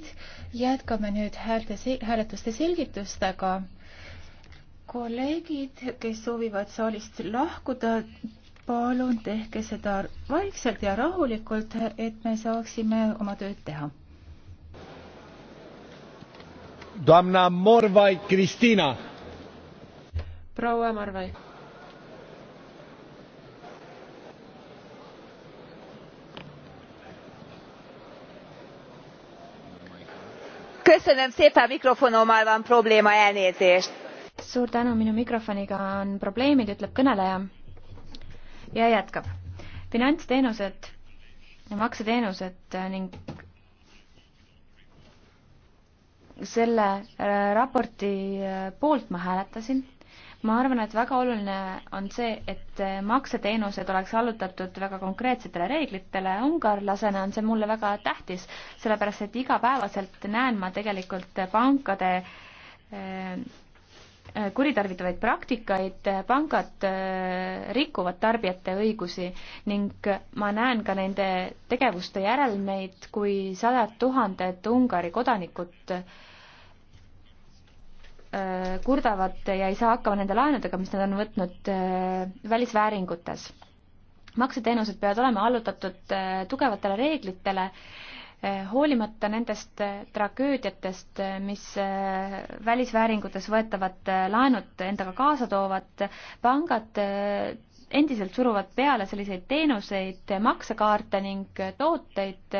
kolleegid, jätkame nüüd häälte, hääletuste selgitustega. kolleegid, kes soovivad saalist lahkuda, palun tehke seda vaikselt ja rahulikult, et me saaksime oma tööd teha. Doamna Morvai Kristina. proua Morvai köszönöm szépen mikrofonommal van probléma elnézést. suur tänu minu mikrofoniga on probleemid ütleb kõneleja ja jätkab finantsteenused ja makseteenused ning selle äh, raporti äh, poolt ma hääletasin ma arvan, et väga oluline on see, et eh, makseteenused oleks allutatud väga konkreetsetele reeglitele. ungarlasena on see mulle väga tähtis, sellepärast et igapäevaselt näen ma tegelikult pankade eh, kuritarvitavaid praktikaid, pangad eh, rikuvad tarbijate õigusi ning ma näen ka nende tegevuste järelmeid, kui sadad tuhanded Ungari kodanikud Äh, kurdavad ja ei saa hakkama nende laenudega, mis nad on võtnud äh, välisvääringutes. makseteenused peavad olema allutatud äh, tugevatele reeglitele, hoolimata nendest tragöödiatest, mis välisvääringutes võetavad laenud endaga kaasa toovad, pangad endiselt suruvad peale selliseid teenuseid, maksekaarte ning tooteid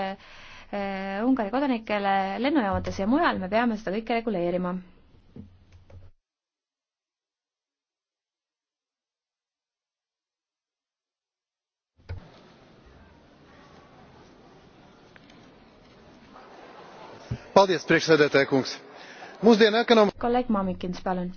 Ungari kodanikele lennujaamades ja mujal, me peame seda kõike reguleerima paldies priekšsēdētāja kungs. Mūsdienu ekonomika. kolleeg Mamikins, palun.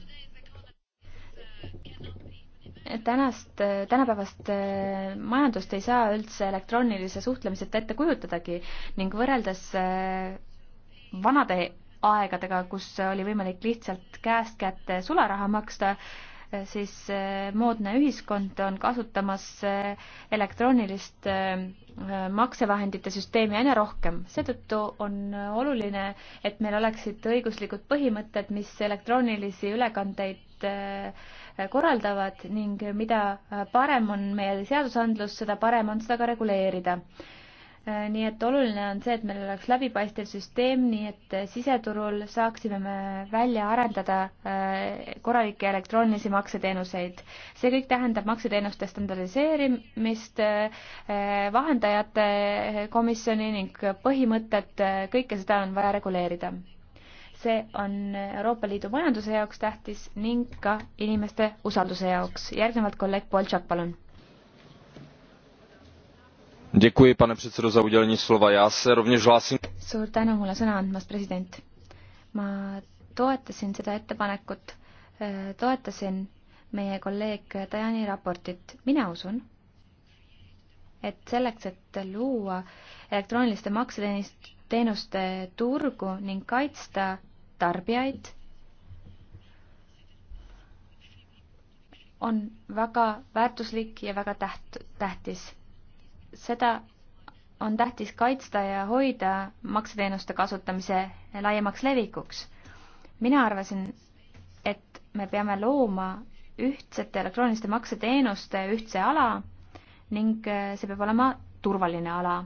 tänast, tänapäevast eh, majandust ei saa üldse elektroonilise suhtlemiseta ette kujutadagi ning võrreldes eh, vanade aegadega, kus oli võimalik lihtsalt käest kätte sularaha maksta, eh, siis moodne ühiskond on kasutamas elektroonilist Äh, maksevahendite süsteemi aina rohkem. seetõttu on oluline, et meil oleksid õiguslikud põhimõtted, mis elektroonilisi ülekandeid äh, korraldavad ning mida äh, parem on meie seadusandlus, seda parem on seda ka reguleerida. Äh, nii et oluline on see, et meil oleks läbipaistev süsteem, nii et äh, siseturul saaksime me välja arendada äh, korralikke elektroonilisi makseteenuseid. see kõik tähendab makseteenuste standardiseerimist, vahendajate komisjoni ning põhimõtted, kõike seda on vaja reguleerida. see on Euroopa Liidu majanduse jaoks tähtis ning ka inimeste usalduse jaoks. järgnevalt kolleeg Boltšak, palun pane předsedající já se rovněž hlásím. suur tänu mulle sõna andmast president. ma toetasin seda ettepanekut, äh, toetasin meie kolleeg Dajani raportit. mina usun, et selleks, et luua elektrooniliste makseteenuste turgu ning kaitsta tarbijaid, on väga väärtuslik ja väga täht-, tähtis seda on tähtis kaitsta ja hoida makseteenuste kasutamise laiemaks levikuks. mina arvasin, et me peame looma ühtsete elektrooniliste makseteenuste ühtse ala ning see peab olema turvaline ala.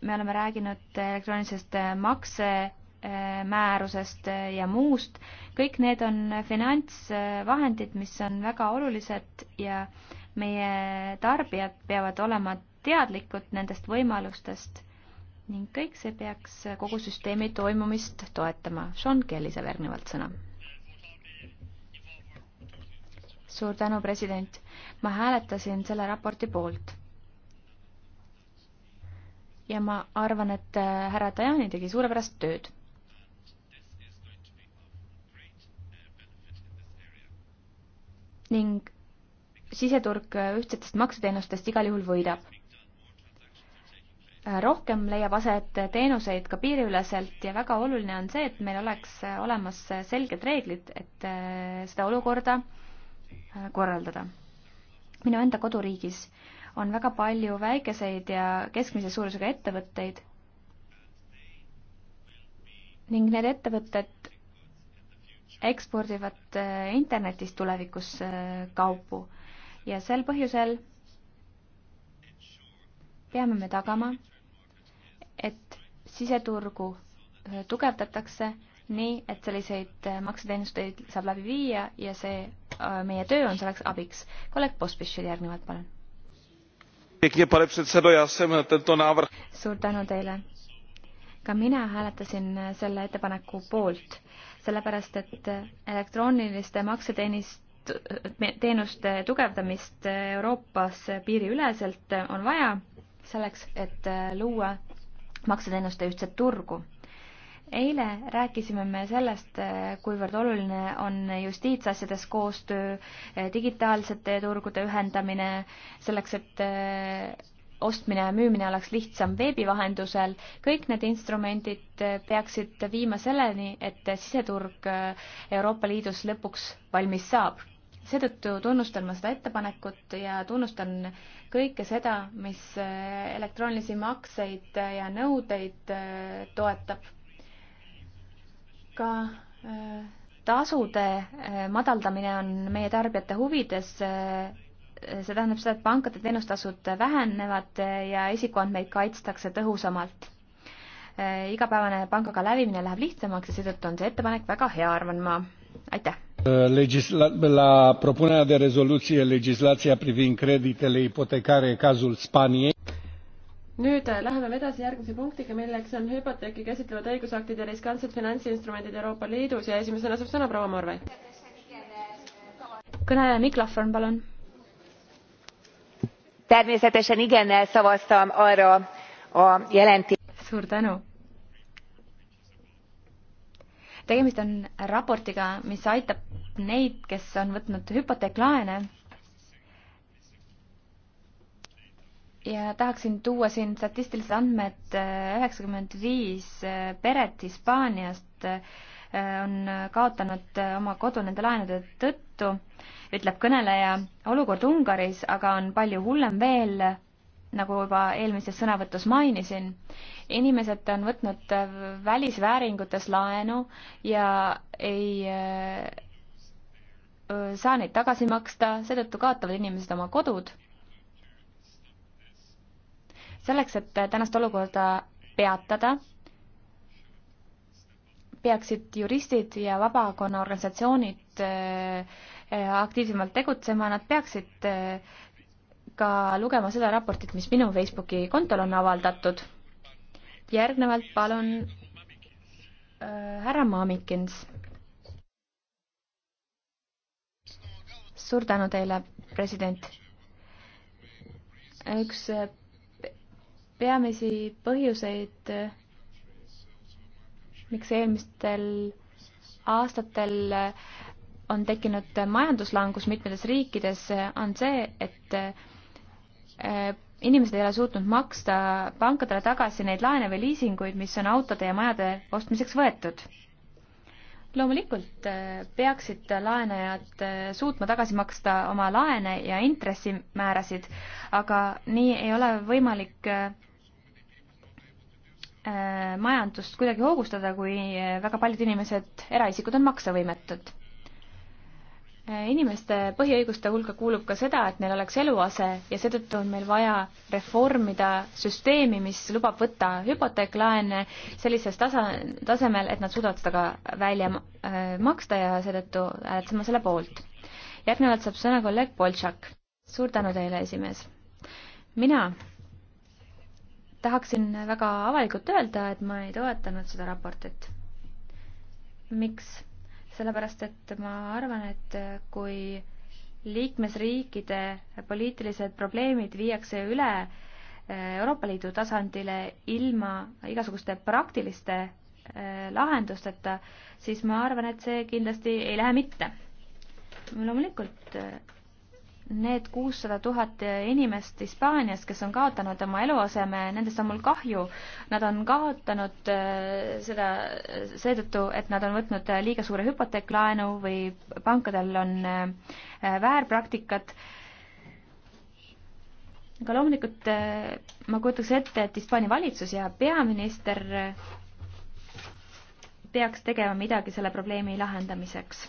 me oleme rääkinud elektroonilisest maksemäärusest ja muust, kõik need on finantsvahendid, mis on väga olulised ja äh, meie tarbijad peavad olema teadlikud nendest võimalustest ning kõik see peaks kogu süsteemi toimumist toetama. Sean Kelly saab järgnevalt sõna. suur tänu, president. ma hääletasin selle raporti poolt. ja ma arvan, et äh, härra Tajani tegi suurepärast tööd ning siseturg ühtsetest makseteenustest igal juhul võidab. rohkem leiab aset teenuseid ka piiriüleselt ja väga oluline on see, et meil oleks olemas selged reeglid, et äh, seda olukorda äh, korraldada. minu enda koduriigis on väga palju väikeseid ja keskmise suurusega ettevõtteid ning need ettevõtted ekspordivad äh, internetis tulevikus kaupu ja sel põhjusel peame me tagama, et siseturgu äh, tugevdatakse nii, et selliseid äh, makseteenuseid saab läbi viia ja see äh, meie töö on selleks abiks. kolleeg Pospišil järgnevalt, palun. Eh, suur tänu teile. ka mina hääletasin eh, selle ettepaneku poolt, sellepärast et eh, elektrooniliste makseteenist teenuste tugevdamist Euroopas piiriüleselt on vaja selleks, et luua makseteenuste ühtset turgu. eile rääkisime me sellest, kuivõrd oluline on justiitsasjades koostöö, digitaalsete turgude ühendamine, selleks et eh, ostmine ja müümine oleks lihtsam veebi vahendusel, kõik need instrumendid peaksid viima selleni, et siseturg eh, Euroopa Liidus lõpuks valmis saab seetõttu tunnustan ma seda ettepanekut ja tunnustan kõike seda, mis elektroonilisi makseid ja nõudeid äh, toetab. ka äh, tasude äh, madaldamine on meie tarbijate huvides. see tähendab seda, et pankade teenustasud vähenevad ja isikuandmeid kaitstakse tõhusamalt. igapäevane pangaga lävimine läheb lihtsamaks ja seetõttu on see ettepanek väga hea, arvan ma. aitäh! Uh, legisla- la propunerea de rezoluție legislația privind creditele ipotecare cazul Spaniei. nüüd eh, läheme edasi järgmise punktiga, milleks on hüpoteeki käsitlevad õigusaktid ja riskantsed finantsinstrumendid Euroopa Liidus ja esimesena saab sõna proua Morve. kõneleja mikrofon, palun. természetesen igennel szavaztam arra a jelenti-. suur tänu tegemist on raportiga, mis aitab neid, kes on võtnud hüpoteeklaene. ja tahaksin tuua siin statistilised andmed, üheksakümmend viis peret Hispaaniast äh, on kaotanud äh, oma kodu nende laenude tõttu, ütleb kõneleja. olukord Ungaris aga on palju hullem veel nagu juba eelmises sõnavõtus mainisin, inimesed on võtnud äh, välisvääringutes laenu ja ei äh, saa neid tagasi maksta, seetõttu kaotavad inimesed oma kodud. selleks, et äh, tänast olukorda peatada, peaksid juristid ja vabakonnaorganisatsioonid aktiivsemalt tegutsema, nad peaksid ka lugema seda raportit, mis minu Facebooki kontol on avaldatud. järgnevalt palun äh, härra Maamikins. suur tänu teile, president. üks äh, peamisi põhjuseid, äh, miks eelmistel aastatel on tekkinud majanduslangus mitmetes riikides, on see, et Äh, inimesed ei ole suutnud maksta pankadele tagasi neid laene või liisinguid, mis on autode ja majade ostmiseks võetud. loomulikult äh, peaksid laenajad äh, suutma tagasi maksta oma laene ja intressimäärasid, aga nii ei ole võimalik majandust kuidagi hoogustada, kui väga paljud inimesed, eraisikud on maksevõimetud inimeste põhiõiguste hulka kuulub ka seda, et neil oleks eluase ja seetõttu on meil vaja reformida süsteemi, mis lubab võtta hüpoteeklaene sellises tasa, tasemel, et nad suudavad seda ka välja äh, maksta ja seetõttu hääletasime selle poolt. järgnevalt saab sõna kolleeg Boltšak. suur tänu teile, esimees. mina tahaksin väga avalikult öelda, et ma ei toetanud seda raportit. miks? sellepärast et ma arvan, et kui liikmesriikide poliitilised probleemid viiakse üle eh, Euroopa Liidu tasandile ilma igasuguste praktiliste eh, lahendusteta, siis ma arvan, et see kindlasti ei lähe mitte. loomulikult eh, need kuussada tuhat inimest Hispaanias, kes on kaotanud oma eluaseme, nendest on mul kahju. Nad on kaotanud äh, seda seetõttu, et nad on võtnud äh, liiga suure hüpoteeklaenu või pankadel on äh, väärpraktikat. aga loomulikult ma kujutaks ette, et Hispaania valitsus ja peaminister peaks tegema midagi selle probleemi lahendamiseks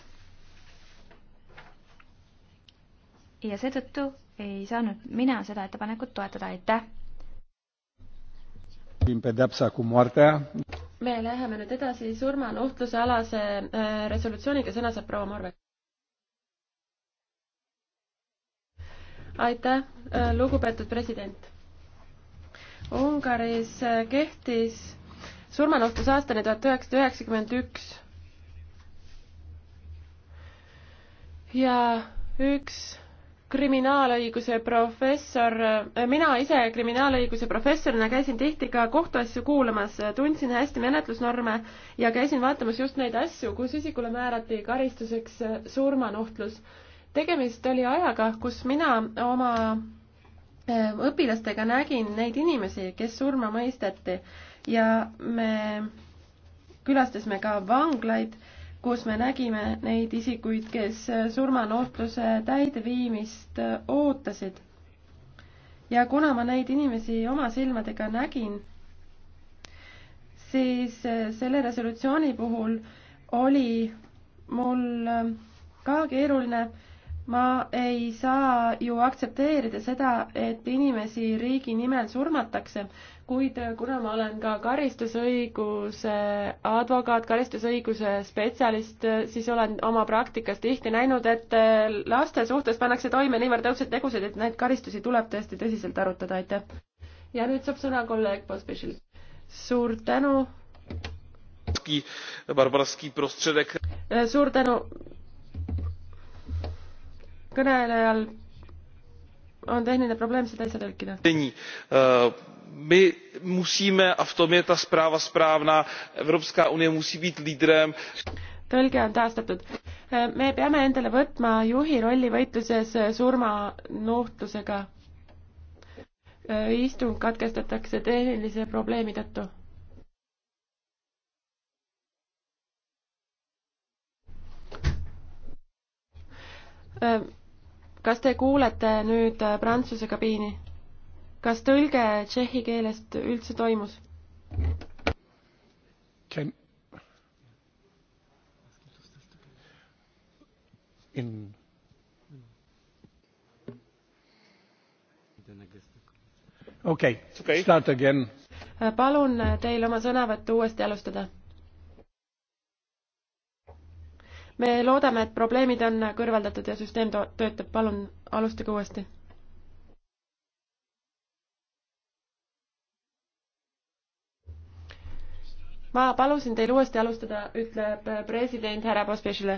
ja seetõttu ei saanud mina seda ettepanekut toetada, aitäh. me läheme nüüd edasi surmanuhtluse alase äh, resolutsiooniga, sõna saab proua Marve. aitäh, äh, lugupeetud president. Ungaris äh, kehtis surmanuhtlus aastani tuhat üheksasada üheksakümmend üks ja üks kriminaalõiguse professor, mina ise kriminaalõiguse professorina käisin tihti ka kohtuasju kuulamas, tundsin hästi menetlusnorme ja käisin vaatamas just neid asju, kus isikule määrati karistuseks surmanuhtlus. tegemist oli ajaga, kus mina oma eh, õpilastega nägin neid inimesi, kes surma mõisteti ja me külastasime ka vanglaid kus me nägime neid isikuid, kes surmanootluse täideviimist ootasid. ja kuna ma neid inimesi oma silmadega nägin, siis selle resolutsiooni puhul oli mul ka keeruline. ma ei saa ju aktsepteerida seda, et inimesi riigi nimel surmatakse kuid äh, kuna ma olen ka karistusõiguse advokaat, karistusõiguse spetsialist, äh, siis olen oma praktikas tihti näinud, et äh, laste suhtes pannakse toime niivõrd õudseid tegusid, et neid karistusi tuleb tõesti tõsiselt arutada, aitäh. ja nüüd saab sõna kolleeg Pospešil. suur tänu. suur tänu kõnelejal on tehniline probleem, seda ei saa tõlkida. Eh, my musíme a v tom je ta zpráva správná evropská unie musí být lídrem tõlge on taastatud. Eh, me peame endale võtma juhi rolli võitluses eh, surmanuhtlusega. istung katkestatakse tehnilise probleemi tõttu. Um kas te kuulete nüüd äh, prantsuse kabiini? kas tõlge tšehhi keelest üldse toimus? in okei okay. okay. start again äh, palun äh, teil oma sõnavõttu uuesti alustada me loodame, et probleemid on kõrvaldatud ja süsteem töötab, palun alustage uuesti. ma palusin teil uuesti alustada, ütleb president härra Pospešile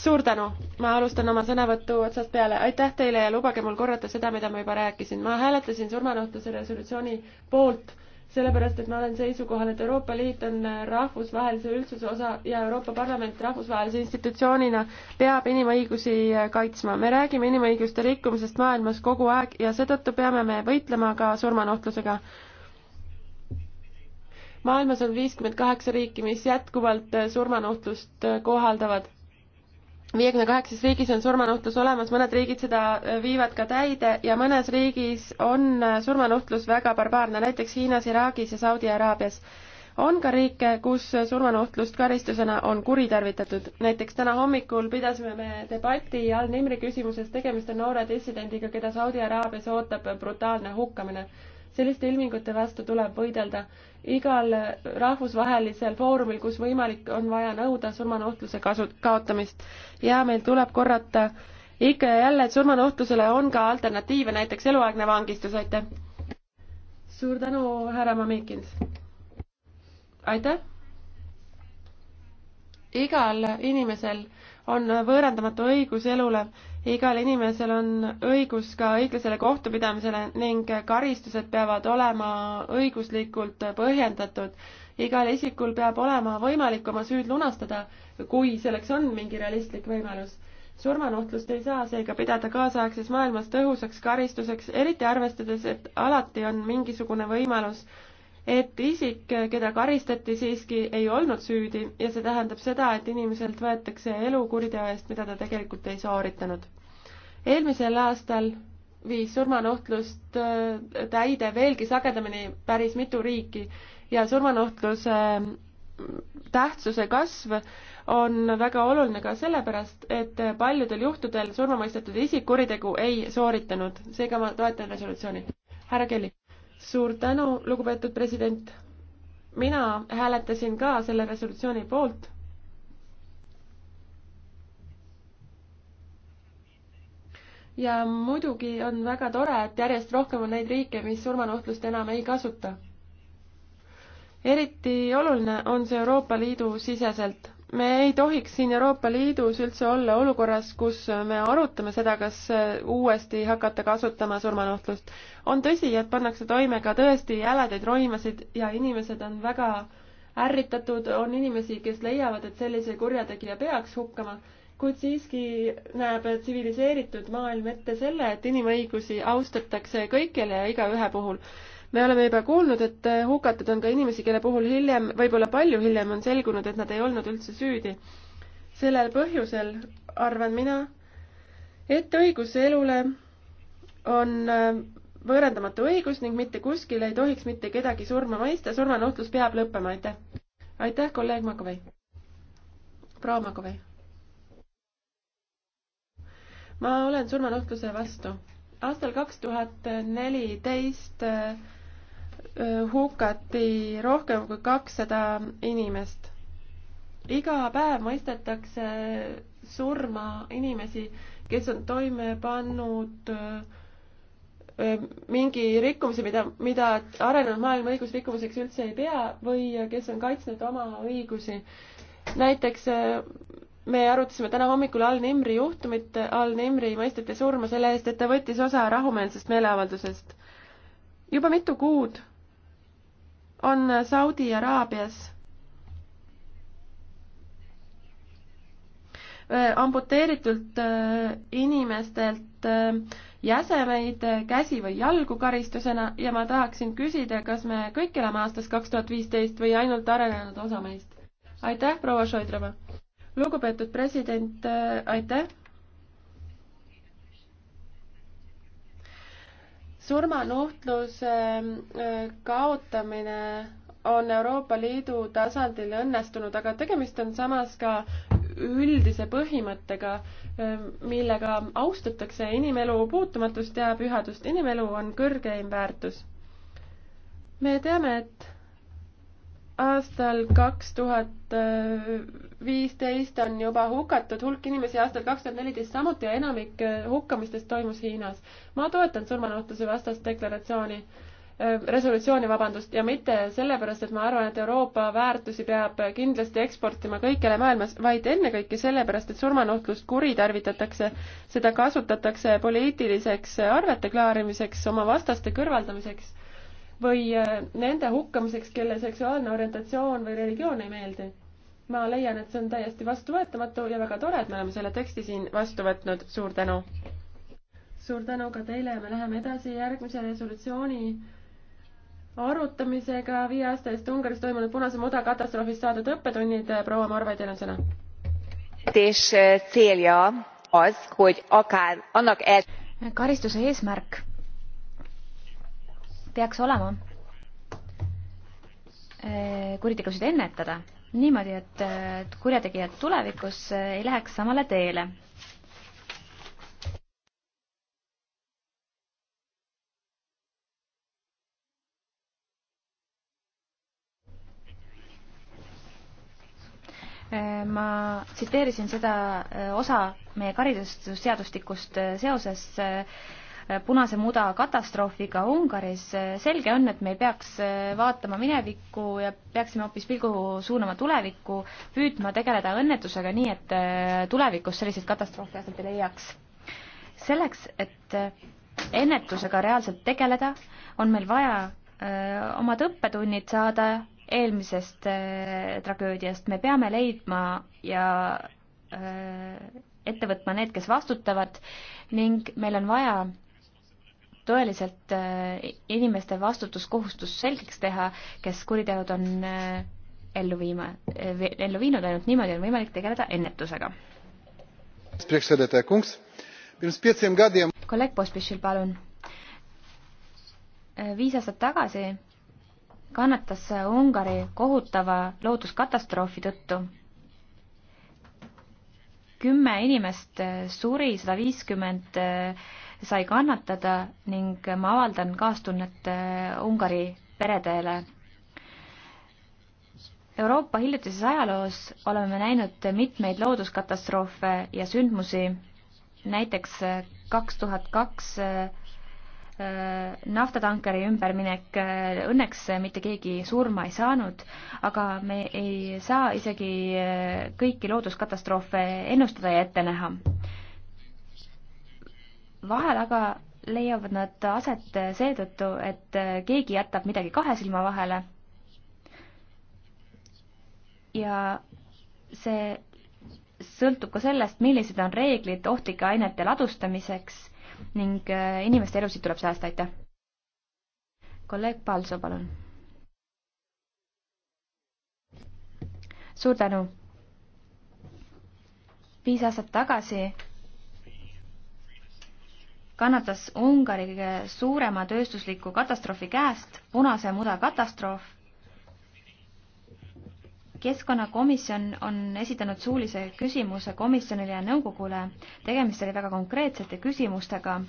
suur tänu, ma alustan oma sõnavõttu otsast peale, aitäh teile ja lubage mul korrata seda, mida ma juba rääkisin, ma hääletasin surmanuhtluse resolutsiooni poolt sellepärast, et ma olen seisukohal, et Euroopa Liit on rahvusvahelise üldsuse osa ja Euroopa Parlament rahvusvahelise institutsioonina peab inimõigusi kaitsma. me räägime inimõiguste rikkumisest maailmas kogu aeg ja seetõttu peame me võitlema ka surmanohtlusega maailmas on viiskümmend kaheksa riiki, mis jätkuvalt surmanuhtlust kohaldavad viiekümne kaheksas riigis on surmanuhtlus olemas, mõned riigid seda äh, viivad ka täide ja mõnes riigis on äh, surmanuhtlus väga barbaarne, näiteks Hiinas, Iraagis ja Saudi Araabias. on ka riike, kus äh, surmanuhtlust karistusena on kuritarvitatud. näiteks täna hommikul pidasime me debati Al-Nimri küsimuses, tegemist on noore dissidendiga, keda Saudi Araabias ootab brutaalne hukkamine. selliste ilmingute vastu tuleb võidelda igal rahvusvahelisel foorumil, kus võimalik, on vaja nõuda surmanuhtluse kasu, kaotamist. ja meil tuleb korrata ikka ja jälle, et surmanuhtlusele on ka alternatiive, näiteks eluaegne vangistus, aitäh! suur tänu, härra Mamikins! aitäh! igal inimesel on võõrandamatu õigus elule igal inimesel on õigus ka õiglasele kohtupidamisele ning karistused peavad olema õiguslikult põhjendatud. igal isikul peab olema võimalik oma süüd lunastada, kui selleks on mingi realistlik võimalus. surmanuhtlust ei saa seega pidada kaasaegses maailmas tõhusaks karistuseks, eriti arvestades, et alati on mingisugune võimalus et isik, keda karistati, siiski ei olnud süüdi ja see tähendab seda, et inimeselt võetakse elu kuriteo eest, mida ta tegelikult ei sooritanud. eelmisel aastal viis surmanuhtlust äh, täide veelgi sagedamini päris mitu riiki ja surmanuhtluse äh, tähtsuse kasv on väga oluline ka sellepärast, et paljudel juhtudel surmamõistetud isik kuritegu ei sooritanud, seega ma toetan resolutsiooni. härra Kelly suur tänu, lugupeetud president. mina hääletasin ka selle resolutsiooni poolt. ja muidugi on väga tore, et järjest rohkem on neid riike, mis surmanuhtlust enam ei kasuta. eriti oluline on see Euroopa Liidu siseselt me ei tohiks siin Euroopa Liidus üldse olla olukorras, kus me arutame seda, kas uuesti hakata kasutama surmanuhtlust. on tõsi, et pannakse toime ka tõesti jäledaid roimasid ja inimesed on väga ärritatud, on inimesi, kes leiavad, et sellise kurjategija peaks hukkama, kuid siiski näeb tsiviliseeritud maailm ette selle, et inimõigusi austatakse kõikjal ja igaühe puhul me oleme juba kuulnud, et äh, hukatud on ka inimesi, kelle puhul hiljem, võib-olla palju hiljem on selgunud, et nad ei olnud üldse süüdi. sellel põhjusel arvan mina, et õigus elule on äh, võõrandamatu õigus ning mitte kuskil ei tohiks mitte kedagi surma mõista, surmanuhtlus peab lõppema, aitäh. aitäh, kolleeg Makovei. proua Makovei. ma olen surmanuhtluse vastu aastal kaks tuhat neliteist äh, hukati rohkem kui kakssada inimest. iga päev mõistetakse surma inimesi, kes on toime pannud mingi rikkumise, mida, mida arenenud maailma õigus rikkumiseks üldse ei pea või kes on kaitsnud oma õigusi. näiteks me arutasime täna hommikul Al-Nimri juhtumit, Al-Nimri mõisteti surma selle eest, et ta võttis osa rahumeelsest meeleavaldusest. juba mitu kuud on Saudi Araabias äh, amputeeritult äh, inimestelt äh, jäsemeid käsi või jalgu karistusena ja ma tahaksin küsida, kas me kõik elame aastas kaks tuhat viisteist või ainult arenenud osa meist? aitäh, proua Šoidrova! lugupeetud president, aitäh! surmanuhtluse äh, kaotamine on Euroopa Liidu tasandil õnnestunud, aga tegemist on samas ka üldise põhimõttega, äh, millega austatakse inimelu puutumatust ja pühadust. inimelu on kõrgeim väärtus. me teame, et aastal kaks tuhat viisteist on juba hukatud hulk inimesi, aastal kaks tuhat neliteist samuti ja enamik äh, hukkamistest toimus Hiinas. ma toetan surmanuhtluse vastast deklaratsiooni, äh, resolutsiooni, vabandust, ja mitte sellepärast, et ma arvan, et Euroopa väärtusi peab kindlasti eksportima kõikjale maailmas, vaid ennekõike sellepärast, et surmanuhtlust kuritarvitatakse, seda kasutatakse poliitiliseks arvete klaarimiseks, oma vastaste kõrvaldamiseks või äh, nende hukkamiseks, kelle seksuaalne orientatsioon või religioon ei meeldi. ma leian, et see on täiesti vastuvõetamatu ja väga tore, et me oleme selle teksti siin vastu võtnud, suur tänu! suur tänu ka teile ja me läheme edasi järgmise resolutsiooni arutamisega viie aasta eest Ungaris toimunud punase muda katastroofist saadud õppetunnid. proua Marve, teil on sõna. Äh, karistuse eesmärk peaks olema eh, kuritegusid ennetada niimoodi, et kurjategijad tulevikus eh, ei läheks samale teele. Eh, ma tsiteerisin seda osa meie karistusseadustikust seoses punase muda katastroofiga Ungaris. selge on, et me ei peaks äh, vaatama minevikku ja peaksime hoopis pilgu suunama tulevikku, püüdma tegeleda õnnetusega nii, et äh, tulevikus selliseid katastroofe aset ei leiaks. selleks, et äh, ennetusega reaalselt tegeleda, on meil vaja omad õppetunnid saada eelmisest äh, tragöödiast, me peame leidma ja äh, ette võtma need, kes vastutavad ning meil on vaja tõeliselt äh, inimeste vastutuskohustus selgeks teha, kes kuriteod on äh, ellu viima, äh, ellu viinud, ainult niimoodi on võimalik tegeleda ennetusega. kolleeg Pospišil, palun. viis aastat tagasi kannatas Ungari kohutava looduskatastroofi tõttu kümme inimest suri, sada viiskümmend eh, sai kannatada ning ma avaldan kaastunnet eh, Ungari peredele. Euroopa hiljutises ajaloos oleme me näinud mitmeid looduskatastroofe ja sündmusi, näiteks eh, kaks tuhat kaks Äh, naftatankeri ümberminek, äh, õnneks mitte keegi surma ei saanud, aga me ei saa isegi äh, kõiki looduskatastroofe ennustada ja ette näha. vahel aga leiavad nad aset seetõttu, et keegi jätab midagi kahe silma vahele ja see sõltub ka sellest, millised on reeglid ohtlike ainete ladustamiseks ning äh, inimeste elusid tuleb säästa, aitäh! kolleeg Palso, palun. suur tänu. viis aastat tagasi kannatas Ungari kõige suurema tööstusliku katastroofi käest, punase muda katastroof keskkonnakomisjon on esitanud suulise küsimuse komisjonile ja nõukogule. tegemist oli väga konkreetsete küsimustega.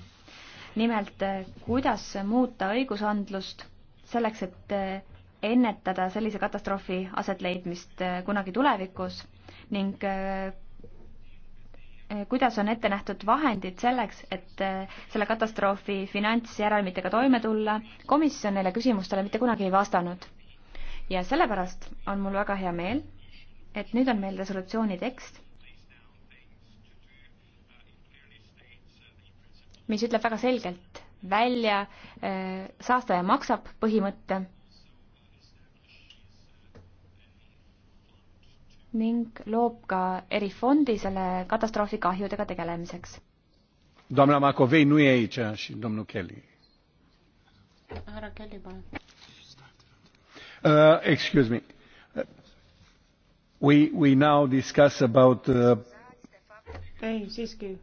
nimelt, eh, kuidas muuta õigusandlust selleks, et eh, ennetada sellise katastroofi asetleidmist eh, kunagi tulevikus ning kuidas on ette nähtud vahendid selleks, et selle katastroofi finantsjärelmitega toime tulla. komisjon neile küsimustele mitte kunagi ei vastanud ja sellepärast on mul väga hea meel, et nüüd on meil resolutsiooni tekst, mis ütleb väga selgelt välja äh, saastaja maksab põhimõtte ning loob ka erifondi selle katastroofi kahjudega tegelemiseks. härra e Kelly, palun. Uh, excuse me. We, we now discuss about uh... ei, siiski.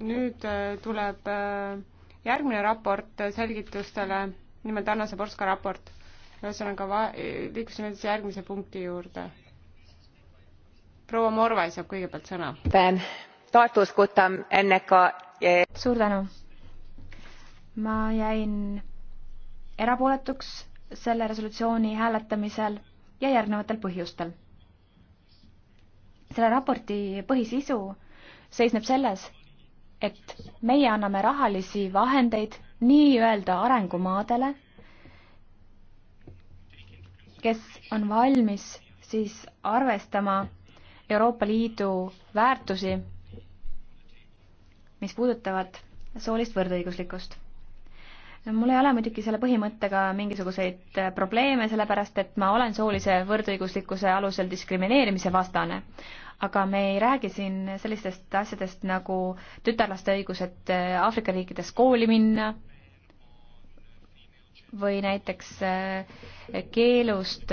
nüüd äh, tuleb äh, järgmine raport selgitustele, nimelt Anna Zaborska raport. ühesõnaga va-, liikusime siis järgmise punkti juurde. proua Morvai saab kõigepealt sõna. tartuskutam enne ka e- suur tänu. ma jäin erapooletuks selle resolutsiooni hääletamisel ja järgnevatel põhjustel. selle raporti põhisisu seisneb selles, et meie anname rahalisi vahendeid nii-öelda arengumaadele, kes on valmis siis arvestama Euroopa Liidu väärtusi, mis puudutavad soolist võrdõiguslikkust mul ei ole muidugi selle põhimõttega mingisuguseid äh, probleeme, sellepärast et ma olen soolise võrdõiguslikkuse alusel diskrimineerimise vastane. aga me ei räägi siin sellistest asjadest nagu tütarlaste õigused äh, Aafrika riikides kooli minna või näiteks äh, keelust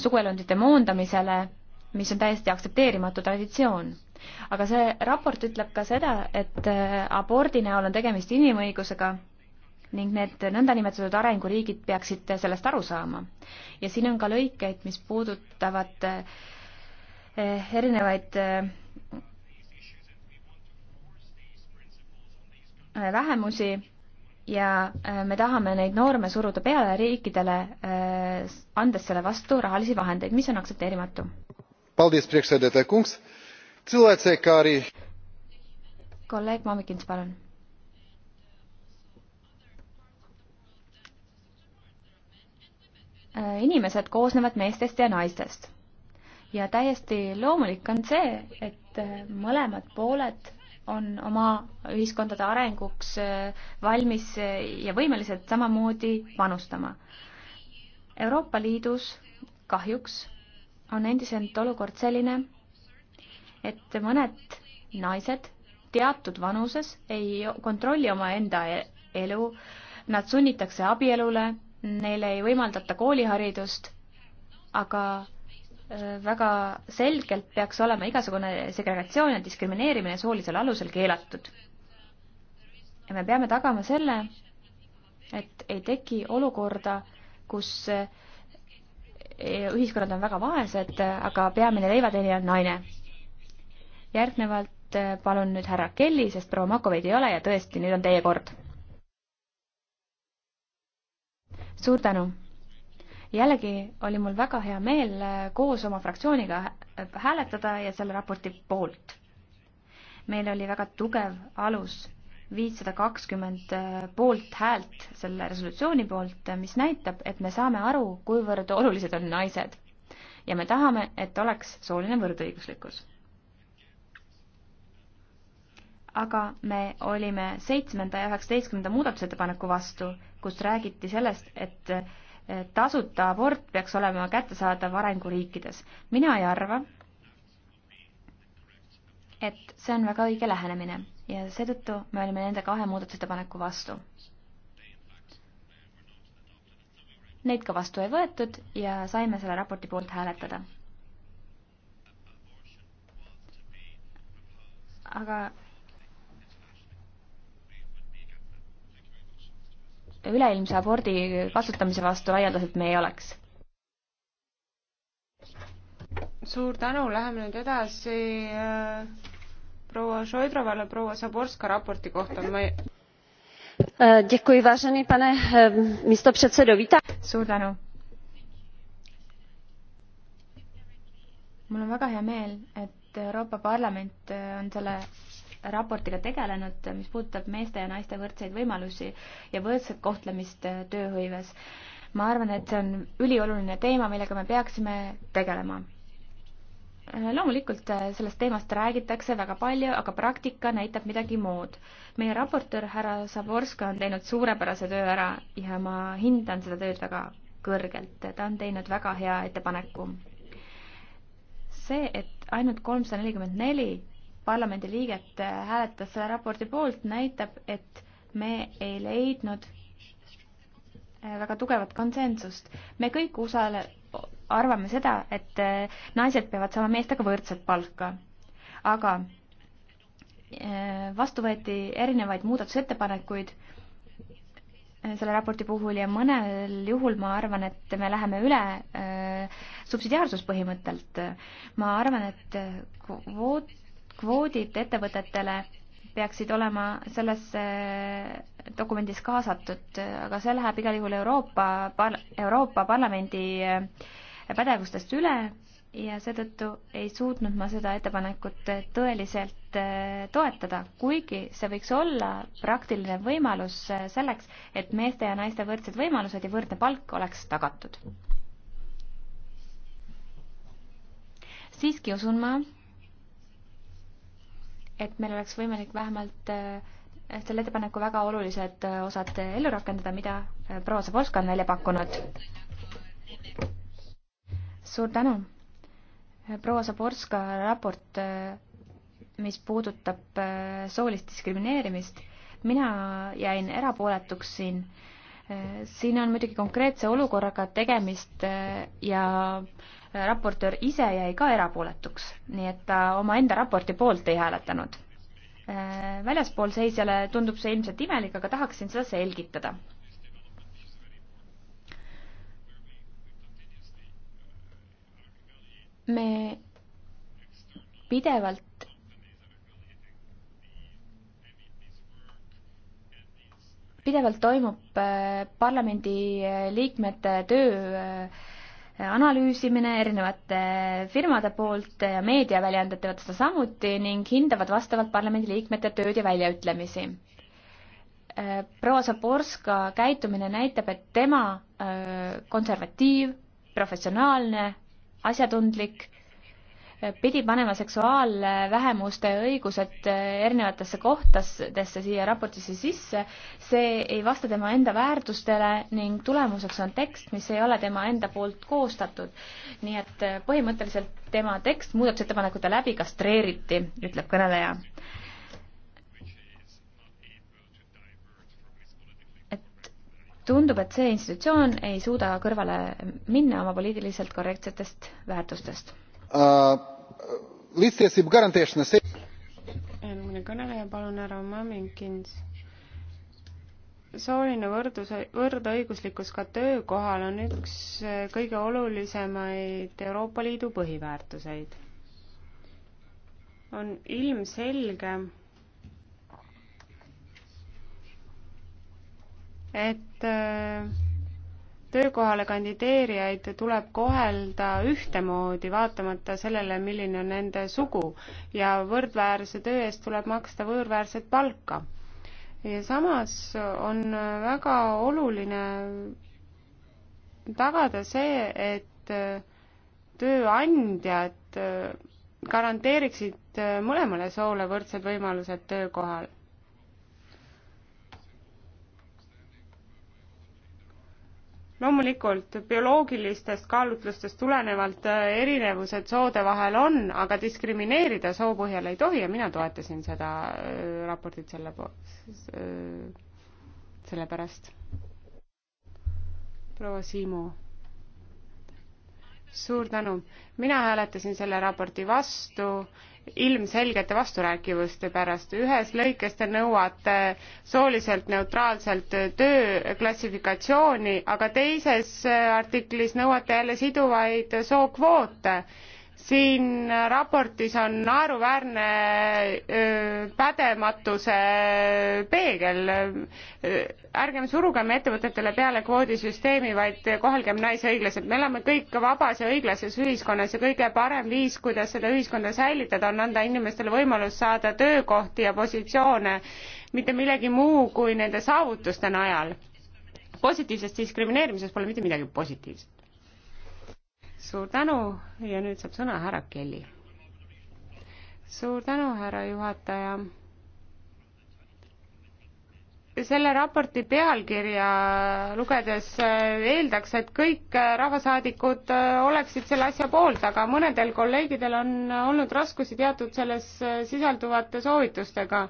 suguelundite moondamisele, mis on täiesti aktsepteerimatu traditsioon aga see raport ütleb ka seda, et abordi näol on tegemist inimõigusega ning need nõndanimetatud arenguriigid peaksid sellest aru saama. ja siin on ka lõikeid, mis puudutavad eh, erinevaid eh, vähemusi ja eh, me tahame neid noorme suruda peale riikidele, andes selle vastu rahalisi vahendeid, mis on aktsepteerimatu. kolleeg Mamikins, palun Äh, inimesed koosnevad meestest ja naistest. ja täiesti loomulik on see, et äh, mõlemad pooled on oma ühiskondade arenguks äh, valmis ja võimelised samamoodi panustama. Euroopa Liidus kahjuks on endiselt olukord selline, et mõned naised teatud vanuses ei kontrolli omaenda e-, elu, nad sunnitakse abielule neile ei võimaldata kooliharidust, aga äh, väga selgelt peaks olema igasugune segregatsioon ja diskrimineerimine soolisel alusel keelatud. ja me peame tagama selle, et ei teki olukorda, kus äh, ühiskonnad on väga vaesed, aga peamine leivateenija on naine. järgnevalt äh, palun nüüd härra Kelly, sest proua Makoveid ei ole ja tõesti, nüüd on teie kord suur tänu! jällegi oli mul väga hea meel äh, koos oma fraktsiooniga äh, hääletada ja selle raporti poolt. meil oli väga tugev alus, viissada kakskümmend äh, poolthäält selle resolutsiooni poolt, mis näitab, et me saame aru, kuivõrd olulised on naised. ja me tahame, et oleks sooline võrdõiguslikkus aga me olime seitsmenda ja üheksateistkümnenda muudatusettepaneku vastu, kus räägiti sellest, et tasuta abort peaks olema kättesaadav arenguriikides. mina ei arva, et see on väga õige lähenemine ja seetõttu me olime nende kahe muudatusettepaneku vastu. Neid ka vastu ei võetud ja saime selle raporti poolt hääletada. aga üleilmse abordi kasutamise vastu laialdaselt me ei oleks. suur tänu, läheme nüüd edasi äh, proua Šoidrovale, proua Saborska raporti kohta. ma ei... Äh, Děkuji, vážený pane místopředsedo. Vítám. Suur tänu. Mul on väga hea meel, et Euroopa Parlament äh, on selle raportiga tegelenud, mis puudutab meeste ja naiste võrdseid võimalusi ja võrdset kohtlemist äh, tööhõives. ma arvan, et see on ülioluline teema, millega me peaksime tegelema. Äh, loomulikult äh, sellest teemast räägitakse väga palju, aga praktika näitab midagi muud. meie raportöör härra Saborska on teinud suurepärase töö ära ja ma hindan seda tööd väga kõrgelt, ta on teinud väga hea ettepaneku see, et ainult kolmsada nelikümmend neli parlamendiliiget äh, hääletas selle raporti poolt, näitab, et me ei leidnud äh, väga tugevat konsensust. me kõik USA-le arvame seda, et äh, naised peavad saama meestega võrdset palka. aga vastu võeti erinevaid muudatusettepanekuid selle raporti puhul ja mõnel juhul ma arvan, et me läheme üle subsidiaarsuspõhimõttelt. ma arvan, et kvoot kvoodid ettevõtetele peaksid olema sellesse eh, dokumendis kaasatud, aga see läheb igal juhul Euroopa par-, Euroopa Parlamendi eh, pädevustest üle ja seetõttu ei suutnud ma seda ettepanekut eh, tõeliselt toetada, kuigi see võiks olla praktiline võimalus selleks, et meeste ja naiste võrdsed võimalused ja võrdne palk oleks tagatud. siiski usun ma, et meil oleks võimalik vähemalt äh, selle ettepaneku väga olulised äh, osad ellu rakendada, mida äh, proua Zaborska on välja pakkunud. suur tänu. proua Zaborska raport, mis puudutab soolist diskrimineerimist, mina jäin erapooletuks siin äh, siin on muidugi konkreetse olukorraga tegemist eh, ja eh, raportöör ise jäi ka erapooletuks, nii et ta omaenda raporti poolt ei hääletanud. Eh, väljaspool seisjale tundub see ilmselt imelik, aga tahaksin seda selgitada. me pidevalt pidevalt toimub äh, parlamendi äh, liikmete töö äh, analüüsimine erinevate firmade poolt ja meediaväljaanded teevad seda samuti ning hindavad vastavalt parlamendi liikmete tööd ja väljaütlemisi. proua Zaborska käitumine näitab, et tema konservatiiv, professionaalne, asjatundlik pidi panema seksuaalvähemuste õigused eh, erinevatesse kohtadesse siia raportisse sisse, see ei vasta tema enda väärtustele ning tulemuseks on tekst, mis ei ole tema enda poolt koostatud. nii et eh, põhimõtteliselt tema tekst muudatusettepanekute läbi kastreeriti, ütleb kõneleja. et tundub, et see institutsioon ei suuda kõrvale minna oma poliitiliselt korrektsetest väärtustest järgmine kõneleja, palun, härra Maminkins sooline võrdus, võrdõiguslikkus ka töökohal on üks eh, kõige olulisemaid Euroopa Liidu põhiväärtuseid. on ilmselge, et äh, töökohale kandideerijaid tuleb kohelda ühtemoodi, vaatamata sellele, milline on nende sugu ja võrdväärse töö eest tuleb maksta võõrväärset palka. ja samas on väga oluline tagada see, et tööandjad garanteeriksid mõlemale soole võrdsed võimalused töökohal loomulikult bioloogilistest kaalutlustest tulenevalt äh, erinevused soode vahel on, aga diskrimineerida soo põhjal ei tohi ja mina toetasin seda äh, raportit selle, äh, sellepärast. proua Siimu. suur tänu. mina hääletasin selle raporti vastu ilmselgete vasturääkivuste pärast. ühes lõikes te nõuate sooliselt neutraalselt töö klassifikatsiooni, aga teises artiklis nõuate jälle siduvaid sookvoote siin raportis on naeruväärne pädematuse peegel. ärgem surugem ettevõtetele peale kvoodisüsteemi, vaid kohelgem naisi õiglaselt. me elame kõik vabas ja õiglases ühiskonnas ja kõige parem viis, kuidas seda ühiskonda säilitada, on anda inimestele võimalus saada töökohti ja positsioone mitte millegi muu kui nende saavutuste najal. positiivsest diskrimineerimisest pole mitte midagi positiivset suur tänu ja nüüd saab sõna härra Kelly. suur tänu, härra juhataja. selle raporti pealkirja lugedes äh, eeldaks, et kõik äh, rahvasaadikud äh, oleksid selle asja poolt, aga mõnedel kolleegidel on olnud raskusi teatud selles sisalduvate soovitustega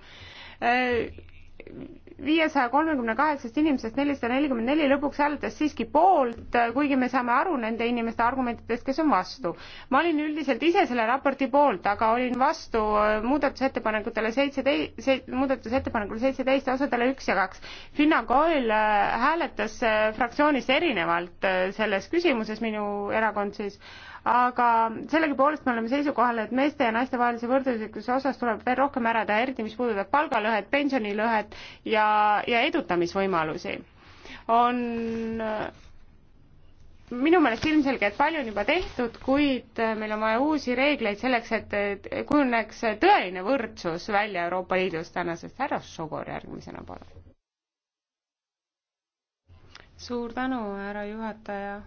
viiesaja kolmekümne kaheksast inimesest nelisada nelikümmend neli lõpuks hääletas siiski poolt, kuigi me saame aru nende inimeste argumentidest, kes on vastu. ma olin üldiselt ise selle raporti poolt, aga olin vastu äh, muudatusettepanekutele seitseteist, muudatusettepanekule seitseteist osadele üks ja kaks. Finna Koil äh, hääletas äh, fraktsioonis erinevalt selles küsimuses, minu erakond siis, aga sellegipoolest me oleme seisukohal, et meeste ja naiste vahelise võrdõiguslikkuse osas tuleb veel rohkem ära teha, eriti mis puudutab palgalõhet, pensionilõhet ja, ja edutamisvõimalusi. on minu meelest ilmselge, et palju on juba tehtud, kuid meil on vaja uusi reegleid selleks, et kujuneks tõeline võrdsus välja Euroopa Liidus tänasest. härra Šogor järgmisena, palun. suur tänu, härra juhataja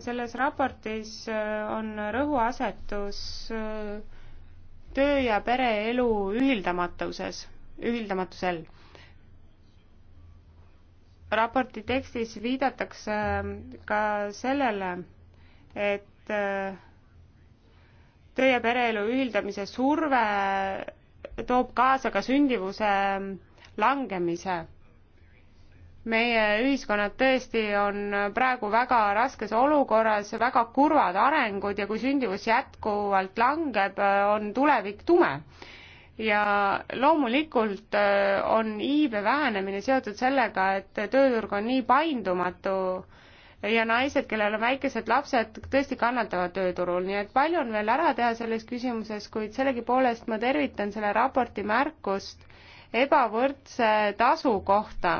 selles raportis äh, on rõhuasetus äh, töö ja pereelu ühildamatuses, ühildamatusel. raporti tekstis viidatakse äh, ka sellele, et töö ja pereelu ühildamise surve toob kaasa ka sündivuse langemise meie ühiskonnad tõesti on praegu väga raskes olukorras, väga kurvad arengud ja kui sündivus jätkuvalt langeb, on tulevik tume. ja loomulikult äh, on iibe vähenemine seotud sellega, et tööturg on nii paindumatu ja naised, kellel on väikesed lapsed, tõesti kannatavad tööturul, nii et palju on veel ära teha selles küsimuses, kuid sellegipoolest ma tervitan selle raporti märkust ebavõrdse tasu kohta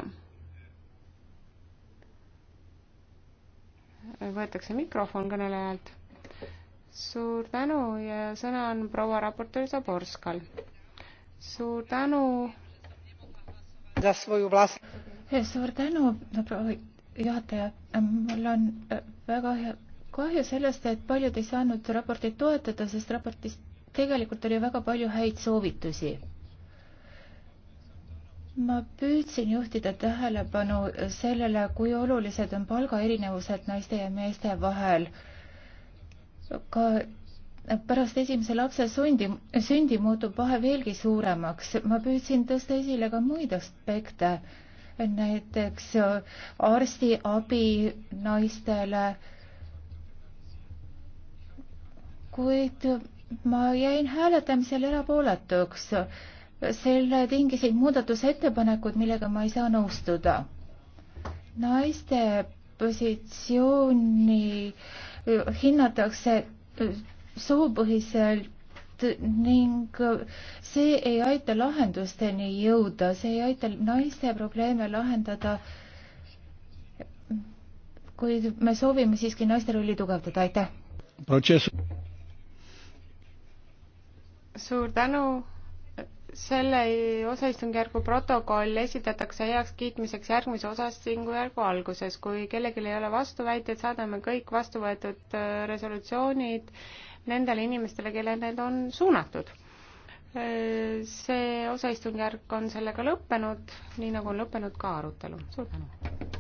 võetakse mikrofon kõnelejalt. suur tänu ja sõna on proua raportöör Zaborskal. suur tänu. suur tänu, proua juhataja. mul on äh, väga hea kahju sellest, et paljud ei saanud raportit toetada, sest raportis tegelikult oli väga palju häid soovitusi ma püüdsin juhtida tähelepanu sellele, kui olulised on palgaerinevused naiste ja meeste vahel. ka pärast esimese lapse sundi, sündi muutub vahe veelgi suuremaks. ma püüdsin tõsta esile ka muid aspekte, näiteks arstiabi naistele. kuid ma jäin hääletamisel erapooletuks selle tingisid muudatusettepanekud, millega ma ei saa nõustuda. naiste positsiooni äh, hinnatakse äh, soopõhiselt ning äh, see ei aita lahendusteni jõuda, see ei aita naiste probleeme lahendada. kuid me soovime siiski naiste rolli tugevdada, aitäh. suur tänu selle osaistungjärgu protokoll esitatakse heakskiitmiseks järgmise osaistungjärgu alguses. kui kellelgi ei ole vastuväiteid, saadame kõik vastu võetud äh, resolutsioonid nendele inimestele, kellele need on suunatud. Äh, see osaistungjärk on sellega lõppenud, nii nagu on lõppenud ka arutelu. suur tänu!